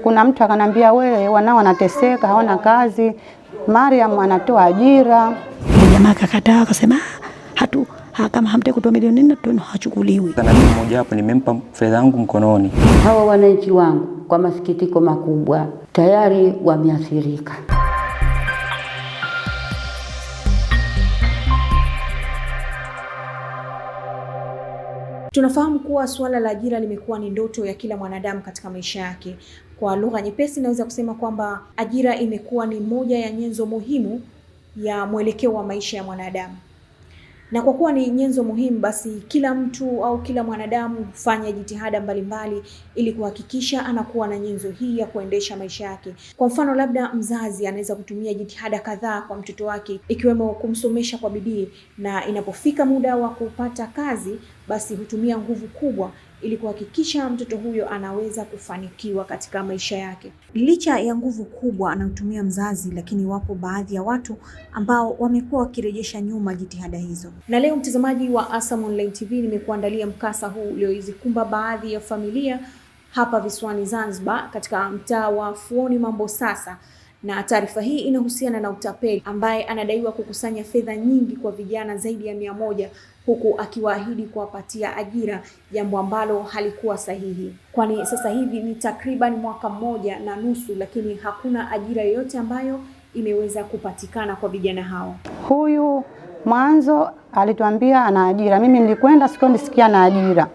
Kuna mtu akanambia, wewe wanao wanateseka, hawana kazi, Mariam anatoa ajira. Jamaa akakataa akasema, ah, hatu kama hamtaki kutoa milioni nne tuno hachukuliwi. Kana mimi mmoja hapo nimempa fedha yangu mkononi. Hawa wananchi wangu kwa masikitiko makubwa tayari wameathirika. Tunafahamu kuwa suala la ajira limekuwa ni ndoto ya kila mwanadamu katika maisha yake, kwa lugha nyepesi, naweza kusema kwamba ajira imekuwa ni moja ya nyenzo muhimu ya mwelekeo wa maisha ya mwanadamu, na kwa kuwa ni nyenzo muhimu, basi kila mtu au kila mwanadamu hufanya jitihada mbalimbali ili kuhakikisha anakuwa na nyenzo hii ya kuendesha maisha yake. Kwa mfano, labda mzazi anaweza kutumia jitihada kadhaa kwa mtoto wake, ikiwemo kumsomesha kwa bidii, na inapofika muda wa kupata kazi, basi hutumia nguvu kubwa ili kuhakikisha mtoto huyo anaweza kufanikiwa katika maisha yake. Licha ya nguvu kubwa anayotumia mzazi, lakini wapo baadhi ya watu ambao wamekuwa wakirejesha nyuma jitihada hizo. Na leo mtazamaji wa ASAM Online TV, nimekuandalia mkasa huu uliozikumba baadhi ya familia hapa visiwani Zanzibar, katika mtaa wa Fuoni mambo sasa na taarifa hii inahusiana na utapeli ambaye anadaiwa kukusanya fedha nyingi kwa vijana zaidi ya mia moja huku akiwaahidi kuwapatia ajira, jambo ambalo halikuwa sahihi, kwani sasa hivi ni takriban mwaka mmoja na nusu, lakini hakuna ajira yoyote ambayo imeweza kupatikana kwa vijana hao. Huyu mwanzo alituambia ana ajira, mimi nilikwenda sikuwa nisikia na ajira.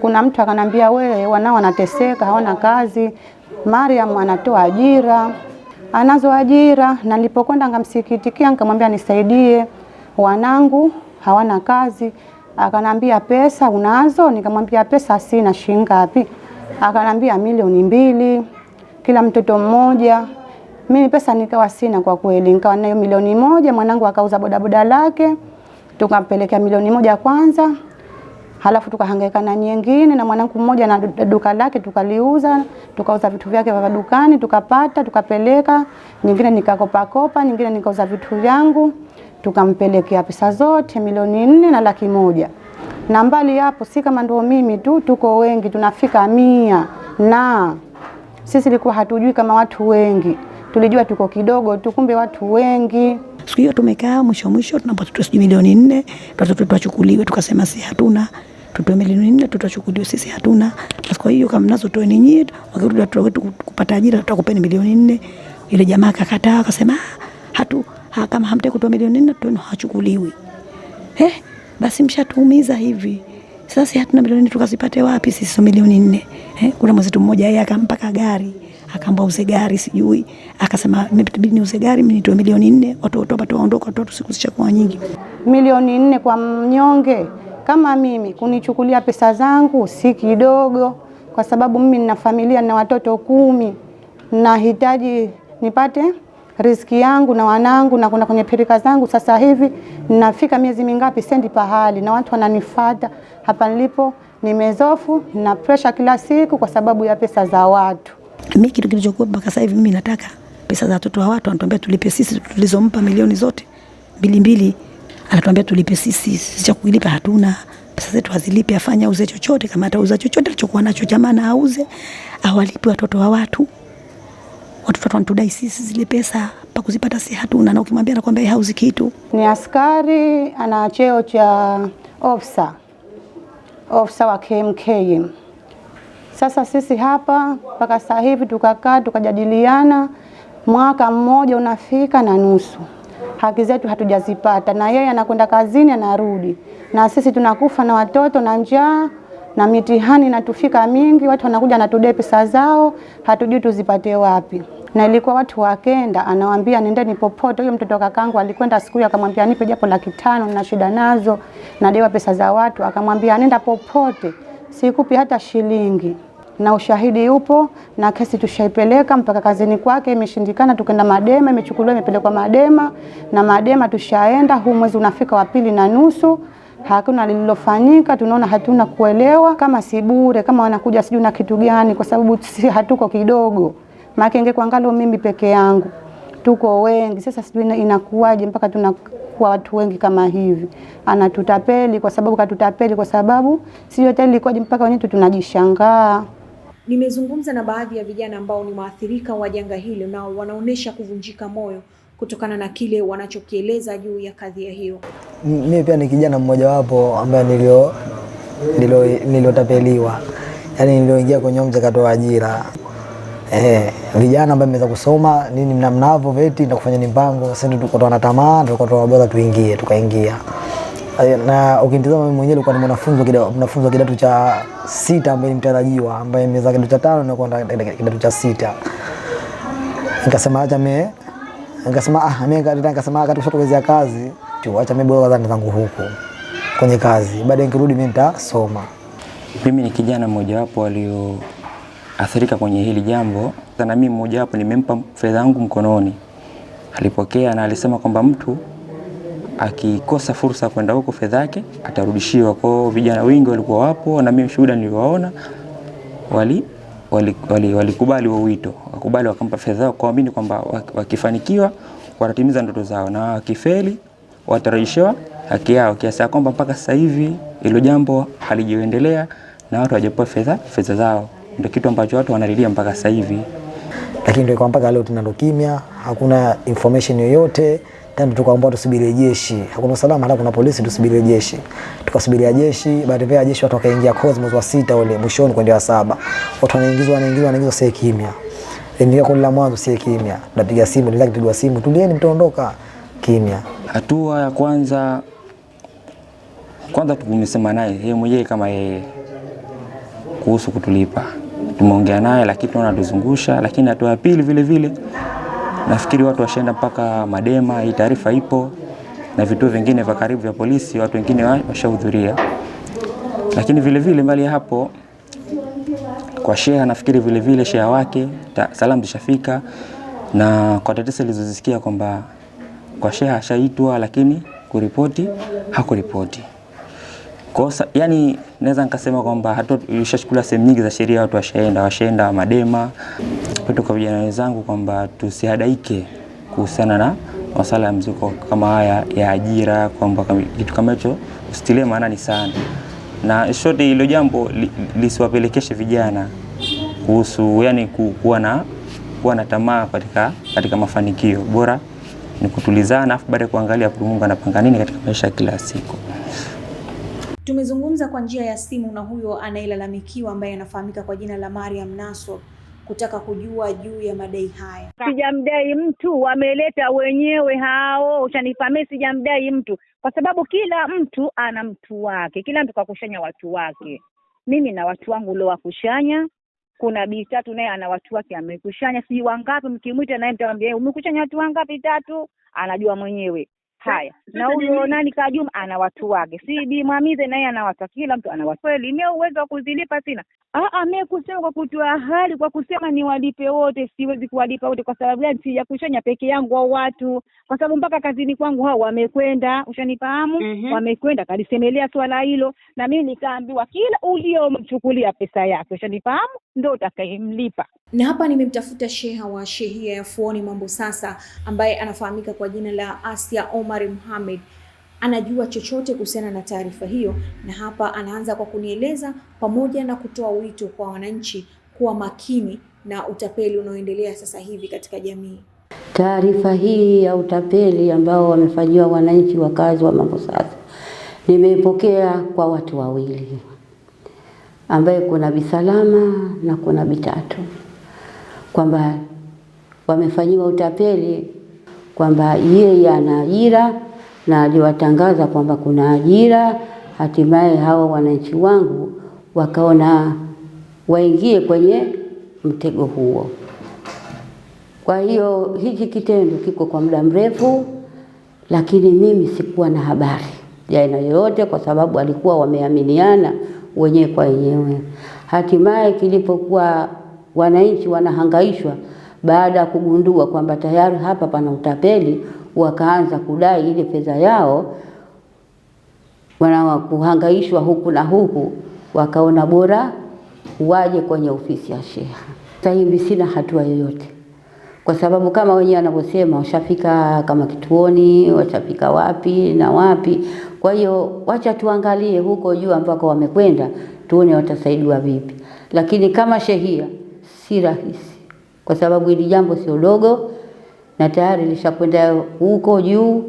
Kuna mtu akanambia, wewe wanao wanateseka, hawana kazi, Mariam anatoa ajira, anazo ajira. Na nilipokwenda ngamsikitikia, nikamwambia nisaidie wanangu hawana kazi. Akanambia pesa unazo? Nikamwambia pesa sina. Shilingi ngapi? Akanambia milioni mbili kila mtoto mmoja. Mimi pesa nikawa sina kwa kweli, nikawa nayo milioni moja. Mwanangu akauza bodaboda lake, tukampelekea milioni moja kwanza, halafu tukahangaika na nyingine, na mwanangu mmoja na duka lake tukaliuza, tukauza vitu vyake vya dukani, tukapata tukapeleka nyingine, nikakopa kopa nyingine, nikauza vitu vyangu tukampelekea pesa zote milioni nne na laki moja na mbali hapo, si kama ndio mimi tu, tuko wengi, tunafika mia, na sisi likuwa hatujui kama watu wengi, tulijua tuko kidogo tu, kumbe watu wengi. Siku hiyo tumekaa mwisho mwisho, tunapata sijui milioni nne tutachukuliwe, tukasema si hatuna tutoe milioni nne tutachukuliwa sisi hatuna. Kwa hiyo kama mnazo toeni nyie, wakirudi watu wetu kupata ajira tutakupeni milioni nne. Ile jamaa akakataa akasema ah, hatu ha, kama hamtaki kutoa milioni nne tano hachukuliwi. Eh, basi mshatuumiza hivi sasa, hatuna milioni nne tukazipate wapi sisi milioni nne? Eh, kuna mwenzetu mmoja yeye akampaka gari akaamba uze gari sijui, akasema mimi uze gari mimi nitoe milioni nne, watu wapate watu siku zishakuwa nyingi. Milioni nne kwa mnyonge kama mimi kunichukulia pesa zangu si kidogo, kwa sababu mimi nina familia na watoto kumi, nahitaji nipate riziki yangu na wanangu, na kuna kwenye pirika zangu. Sasa hivi nafika miezi mingapi, sendi pahali, na watu wananifata hapa nilipo. Nimezofu na presha kila siku kwa sababu ya pesa za watu. Mimi kitu kilichokuwa mpaka sasa hivi mimi nataka pesa za watoto wa watu, anatuambia tulipe sisi, tulizompa milioni zote mbili mbili, anatuambia tulipe sisi. Sisi cha kulipa hatuna pesa zetu hazilipi, afanye auze chochote, kama atauza chochote alichokuwa nacho, jamaa na auze, awalipi watoto wa watu watoto wanatudai sisi zile pesa, pakuzipata si hatuna, na ukimwambia anakwambia hauzi kitu. Ni askari ana cheo cha ofisa, ofisa wa KMKM. Sasa sisi hapa mpaka sasa hivi tukakaa tukajadiliana, mwaka mmoja unafika na nusu, haki zetu hatujazipata, na yeye anakwenda kazini anarudi, na sisi tunakufa na watoto na njaa na mitihani natufika mingi, watu wanakuja natudai pesa zao, hatujui tuzipate wapi. Na ilikuwa watu wakenda, anawambia nendeni popote. Huyo mtoto kakangu alikwenda siku hiyo, akamwambia nipe japo laki tano, nina shida nazo, nadewa pesa za watu. Akamwambia nenda popote, sikupi hata shilingi na ushahidi upo na kesi tushaipeleka mpaka kazini kwake, imeshindikana. Tukenda Madema, imechukuliwa imepelekwa Madema na Madema tushaenda. Huu mwezi unafika wa pili na nusu hakuna lililofanyika. Tunaona hatuna kuelewa kama si bure, kama wanakuja sijui na kitu gani, kwa sababu si hatuko kidogo, maana ingekuangalo mimi peke yangu, tuko wengi. Sasa sijui inakuwaje mpaka tunakuwa watu wengi kama hivi. Anatutapeli kwa sababu katutapeli kwa sababu sijui hata ilikuwaje mpaka wenyewe tunajishangaa. Nimezungumza na baadhi ya vijana ambao ni waathirika wa janga hilo na wanaonesha kuvunjika moyo kutokana na kile wanachokieleza juu ya kadhia hiyo. Mimi pia ni kijana mmojawapo ambaye nilio nilio niliotapeliwa, yaani nilioingia kwenye mja katoa ajira. Eh, vijana ambao mmeweza kusoma nini mnamnavo veti na kufanya ni mpango sasa, ndio tulikuwa tuna tamaa, tulikuwa tuna bora tuingie, tukaingia. Na ukinitazama mimi mwenyewe nilikuwa ni mwanafunzi kidato mwanafunzi wa kidato cha sita ambaye ni mtarajiwa ambaye mmeweza kidato cha tano na kwenda kidato cha sita, nikasema acha mimi Nikasema ah, mimi nikasema wakati ah, kushatokezea kazi tu, acha mimi bora zangu zangu huku kwenye kazi, baadaye nikirudi mimi nitasoma. Mimi ni kijana mmojawapo walioathirika kwenye hili jambo, na mimi mmojawapo nimempa fedha yangu mkononi, alipokea na alisema kwamba mtu akikosa fursa kwenda huko fedha yake atarudishiwa. Kwa vijana wengi walikuwa wapo, na mimi shuhuda niliwaona wali walikubali wali, wali huo wito, wakubali wakampa fedha zao kuamini kwamba wakifanikiwa watatimiza ndoto zao na wakifeli watarejeshewa haki yao, kiasi ya kwamba mpaka sasa hivi hilo jambo halijiendelea na watu hawajapewa fedha fedha zao. Ndio kitu ambacho watu wanalilia mpaka sasa hivi, lakini ndio mpaka leo tunalo kimya, hakuna information yoyote. Tena yaani tukaomba tusubiri jeshi. Hakuna usalama hata kuna polisi, tusubiri jeshi. Tukasubiria jeshi, baada ya jeshi watu wakaingia Cosmos wa sita ule mwishoni kwenda wa saba. Watu wanaingizwa wanaingizwa wanaingizwa sasa kimya. Endelea kundi la mwanzo sasa kimya. Napiga simu, nilaki kupiga simu, tulieni mtaondoka kimya. Hatua ya kwanza kwanza tumesema naye yeye mwenyewe kama yeye kuhusu kutulipa. Tumeongea naye lakini tunaona tuzungusha, lakini hatua ya pili vile vile Nafikiri watu washaenda mpaka Madema, hii taarifa ipo na vituo vingine vya karibu vya polisi, watu wengine washahudhuria. Lakini vile vile mbali ya hapo, kwa sheha nafikiri vile vile sheha wake salamu zishafika, na kwa tetesi nilizozisikia kwamba kwa sheha ashaitwa, lakini kuripoti hakuripoti kosa yani, naweza nikasema kwamba hata ulishachukula sehemu nyingi za sheria, watu washaenda washaenda madema. Wito kwa vijana wenzangu kwamba tusihadaike kuhusiana na masala ya mziko kama haya ya ajira, kwamba kitu kama hicho usitilie maanani sana, na shoti hilo jambo li, lisiwapelekeshe vijana kuhusu yani kuwa na kuwa na tamaa katika, katika mafanikio. Bora ni kutulizana, afu baada ya kuangalia Mungu anapanga nini katika maisha ya kila siku. Tumezungumza kwa njia ya simu na huyo anayelalamikiwa ambaye anafahamika kwa jina la Mariam Nasor kutaka kujua juu ya madai haya. Sijamdai mtu, wameleta wenyewe hao, ushanifamia. Sijamdai mtu kwa sababu kila mtu ana mtu wake, kila mtu kakushanya watu wake. Mimi na watu wangu uliowakushanya. Kuna bii tatu naye ana watu wake amekushanya, sijui wangapi. Mkimwita naye mtamwambia umekushanya watu wangapi? Tatu, anajua mwenyewe haya na huyo nani Kajuma ana watu wake, si Bi Mwamize naye ana watu, kila mtu ana watu. Kweli mimi uwezo wa kuzilipa sina. Ah, mimi kusema kwa kutoa hali kwa kusema niwalipe wote, siwezi kuwalipa wote. Kwa sababu gani? Sija kushanya peke yangu au watu, kwa sababu mpaka kazini kwangu hao wamekwenda, ushanifahamu mm-hmm. Wamekwenda kalisemelea swala hilo, na mimi nikaambiwa kila uliomchukulia pesa yake, ushanifahamu ndo utakayemlipa. Na hapa nimemtafuta sheha wa shehia ya Fuoni Mambo Sasa, ambaye anafahamika kwa jina la Asia Omar muhamed anajua chochote kuhusiana na taarifa hiyo, na hapa anaanza kwa kunieleza pamoja na kutoa wito kwa wananchi kuwa makini na utapeli unaoendelea sasa hivi katika jamii. Taarifa hii ya utapeli ambao wamefanyiwa wananchi wakazi wa Mambo Sasa nimeipokea kwa watu wawili ambaye kuna Bisalama na kuna Bitatu kwamba wamefanyiwa utapeli, kwamba yeye ana ajira na aliwatangaza kwamba kuna ajira. Hatimaye hawa wananchi wangu wakaona waingie kwenye mtego huo. Kwa hiyo hiki kitendo kiko kwa muda mrefu, lakini mimi sikuwa na habari ya aina yoyote, kwa sababu walikuwa wameaminiana wenyewe kwa wenyewe. Hatimaye kilipokuwa wananchi wanahangaishwa baada ya kugundua kwamba tayari hapa pana utapeli, wakaanza kudai ile fedha yao, wanakuhangaishwa huku na huku, wakaona bora waje kwenye ofisi ya sheha. Sasa hivi sina hatua yoyote kwa sababu kama wenyewe wanavyosema washafika kama kituoni, washafika wapi na wapi. Kwa hiyo wacha tuangalie huko juu ambako wamekwenda, tuone watasaidiwa vipi. Lakini kama shehia si rahisi, kwa sababu hili jambo sio dogo na tayari lishakwenda huko juu,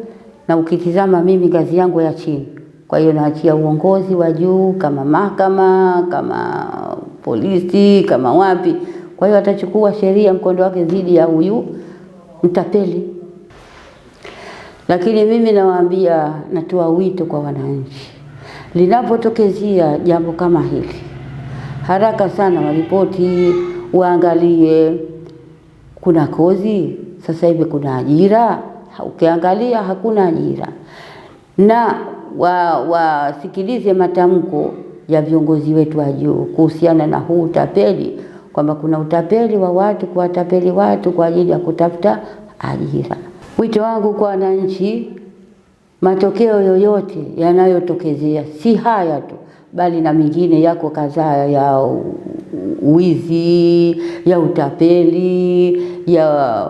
na ukitizama mimi ngazi yangu ya chini. Kwa hiyo naachia uongozi wa juu, kama mahakama, kama polisi, kama wapi kwa hiyo atachukua sheria mkondo wake dhidi ya huyu mtapeli. Lakini mimi nawaambia, natoa wito kwa wananchi, linapotokezea jambo kama hili, haraka sana waripoti, waangalie kuna kozi sasa hivi, kuna ajira. Ukiangalia hakuna ajira, na wasikilize wa matamko ya viongozi wetu wa juu kuhusiana na huu utapeli kwamba kuna utapeli wa watu kuwatapeli watu kwa ajili ya kutafuta ajira. Wito wangu kwa wananchi, matokeo yoyote yanayotokezea, si haya tu, bali na mengine yako kadhaa ya wizi, ya utapeli, ya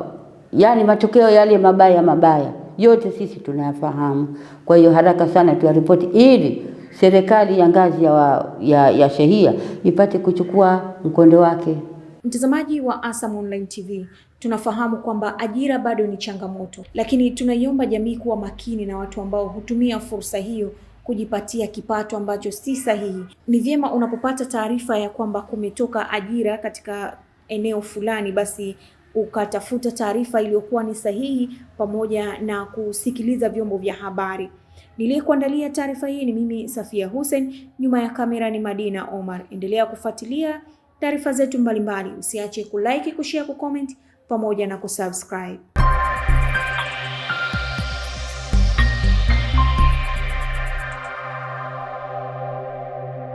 yaani matokeo yale mabaya mabaya yote sisi tunayafahamu. Kwa hiyo haraka sana tuyaripoti ili serikali ya ngazi ya, ya, ya shehia ipate kuchukua mkondo wake. Mtazamaji wa Asam Online TV, tunafahamu kwamba ajira bado ni changamoto, lakini tunaiomba jamii kuwa makini na watu ambao hutumia fursa hiyo kujipatia kipato ambacho si sahihi. Ni vyema unapopata taarifa ya kwamba kumetoka ajira katika eneo fulani, basi ukatafuta taarifa iliyokuwa ni sahihi pamoja na kusikiliza vyombo vya habari. Niliyekuandalia taarifa hii ni mimi Safia Hussein, nyuma ya kamera ni Madina Omar. Endelea kufuatilia taarifa zetu mbalimbali, usiache kulike, kushare, kucomment pamoja na kusubscribe.